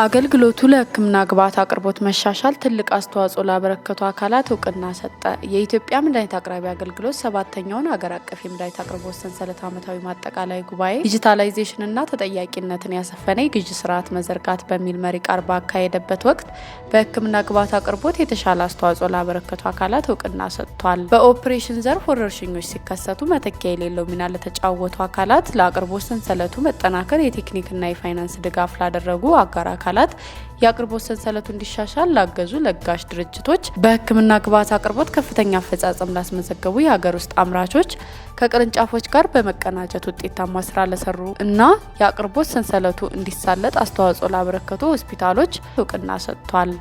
አገልግሎቱ ለሕክምና ግብዓት አቅርቦት መሻሻል ትልቅ አስተዋጽኦ ላበረከቱ አካላት እውቅና ሰጠ። የኢትዮጵያ መድኃኒት አቅራቢ አገልግሎት ሰባተኛውን አገር አቀፍ የመድኃኒት አቅርቦት ሰንሰለት ዓመታዊ ማጠቃላይ ጉባኤ ዲጂታላይዜሽንና ተጠያቂነትን ያሰፈነ የግዥ ስርዓት መዘርጋት በሚል መሪ ቃል ባካሄደበት ወቅት በሕክምና ግብዓት አቅርቦት የተሻለ አስተዋጽኦ ላበረከቱ አካላት እውቅና ሰጥቷል። በኦፕሬሽን ዘርፍ ወረርሽኞች ሲከሰቱ መተኪያ የሌለው ሚና ለተጫወቱ አካላት ለአቅርቦት ሰንሰለቱ መጠናከር የቴክኒክና የፋይናንስ ድጋፍ ላደረጉ አጋራ አካላት የአቅርቦት ሰንሰለቱ እንዲሻሻል ላገዙ ለጋሽ ድርጅቶች፣ በሕክምና ግብዓት አቅርቦት ከፍተኛ አፈጻጸም ላስመዘገቡ የሀገር ውስጥ አምራቾች፣ ከቅርንጫፎች ጋር በመቀናጀት ውጤታማ ስራ ለሰሩ እና የአቅርቦት ሰንሰለቱ እንዲሳለጥ አስተዋጽኦ ላበረከቱ ሆስፒታሎች እውቅና ሰጥቷል።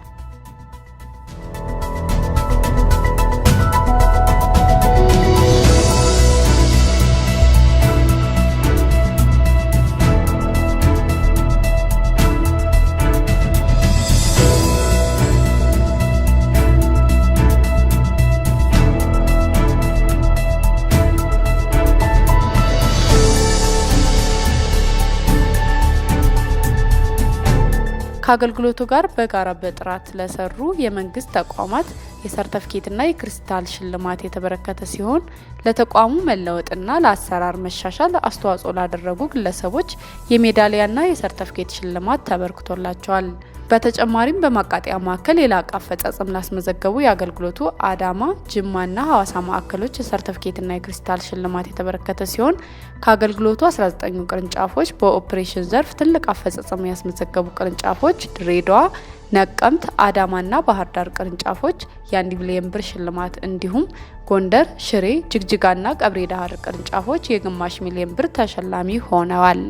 ከአገልግሎቱ ጋር በጋራ በጥራት ለሰሩ የመንግስት ተቋማት የሰርተፍኬትና የክሪስታል ሽልማት የተበረከተ ሲሆን ለተቋሙ መለወጥና ለአሰራር መሻሻል አስተዋጽኦ ላደረጉ ግለሰቦች የሜዳሊያና የሰርተፍኬት ሽልማት ተበርክቶላቸዋል። በተጨማሪም በማቃጠያ ማዕከል የላቀ አፈጻጸም ላስመዘገቡ የአገልግሎቱ አዳማ፣ ጅማና ሐዋሳ ማዕከሎች የሰርተፍኬትና የክሪስታል ሽልማት የተበረከተ ሲሆን ከአገልግሎቱ 19 ቅርንጫፎች በኦፕሬሽን ዘርፍ ትልቅ አፈጻጸም ያስመዘገቡ ቅርንጫፎች ድሬዳዋ፣ ነቀምት፣ አዳማና ባህር ዳር ቅርንጫፎች የአንድ ሚሊዮን ብር ሽልማት እንዲሁም ጎንደር፣ ሽሬ፣ ጅግጅጋና ቀብሬ ዳህር ቅርንጫፎች የግማሽ ሚሊዮን ብር ተሸላሚ ሆነዋል።